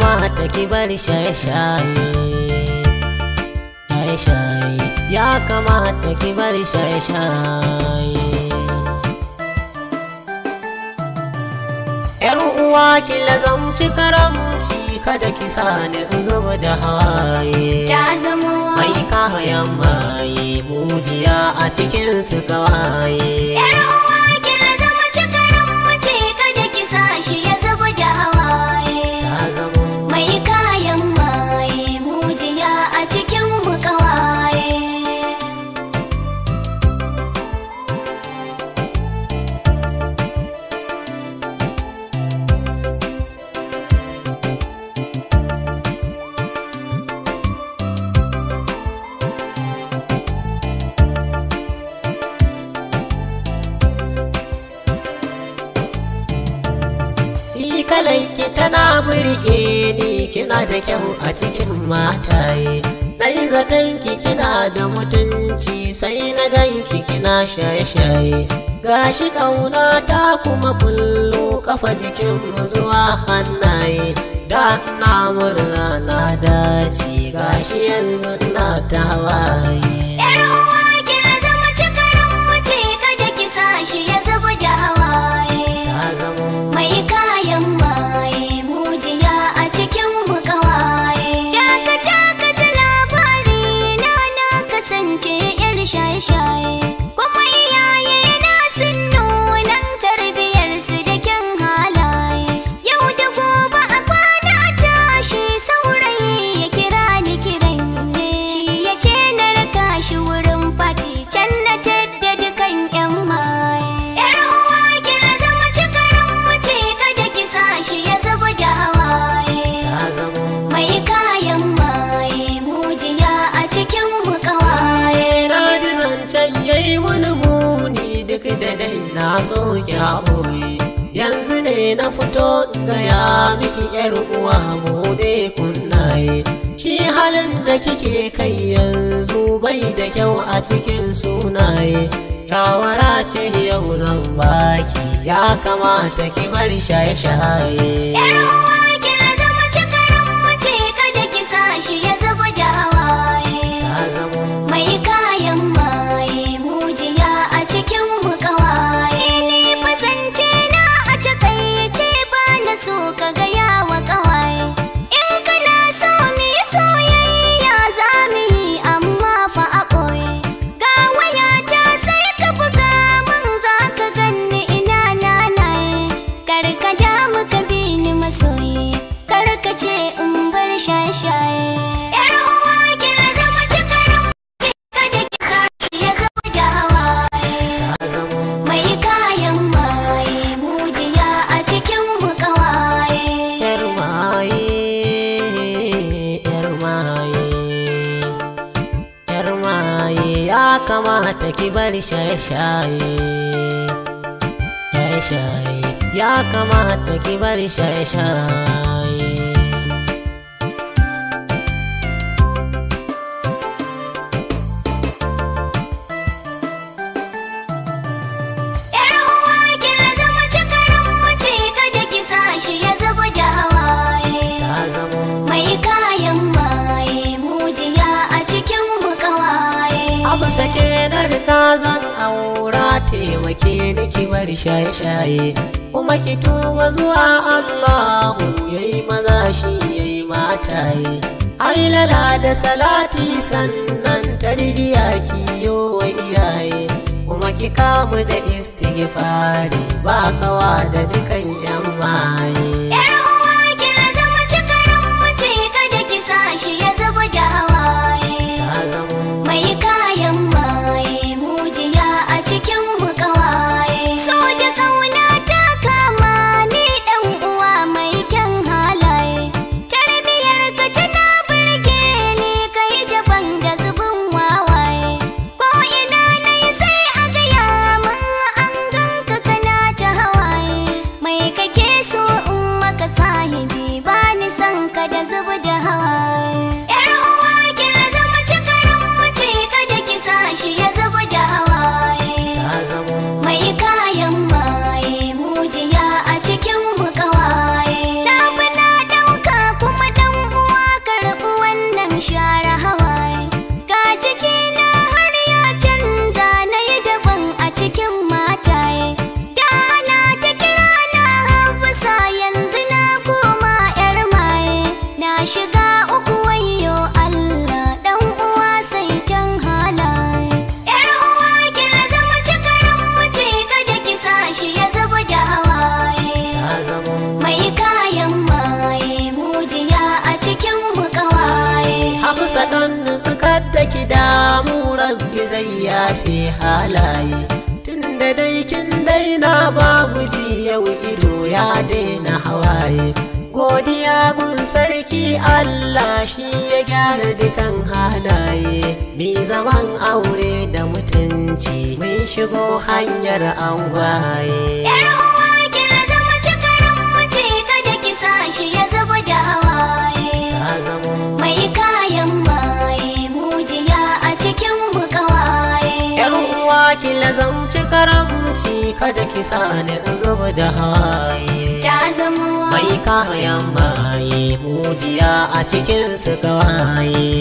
kamata ki shaye-shaye ya kamata ki bar shaye-shaye yar uwa ki lazamci karamci kada ki sani in zuba da haye ta zama mai kayan maye mujiya a cikin su kawaye burge ni kina da kyau a cikin mataye dai zaton ki kina da mutunci sai na ganki kina shaye-shaye gashi kauna ta kuma kullu kafa jikin zuwa hannaye da na murna na dace gashi yanzu na tawaye sauke yanzu ne na fito gaya miki yar uwa mu bude kunnaye shi halin da kike kai yanzu bai da kyau a cikin sunaye shawara ce yau zan baki ya kamata ki bar shaye-shaye ya kamata ki bar shaye-shaye shaye-shaye ya kamata ki bar shaye-shaye sake na rika zan aura taimake ni ki shaye-shaye kuma ki tuba zuwa Allahu yayi maza shi yayi mataye ai lala da salati sannan tarbiya ki yo wa iyaye kuma ki kamu da istighfari ba kawa da dukan yan maye rabbi zai yafe halaye tunda dai kin daina babu ji yau ido ya daina hawaye godiya gun sarki Allah shi ya gyara dukan halaye mi zaman aure da mutunci mun shigo hanyar angwaye. karamci kada ki sani in zuba da haye ta zama mai kayan maye mujiya a cikin su gawaye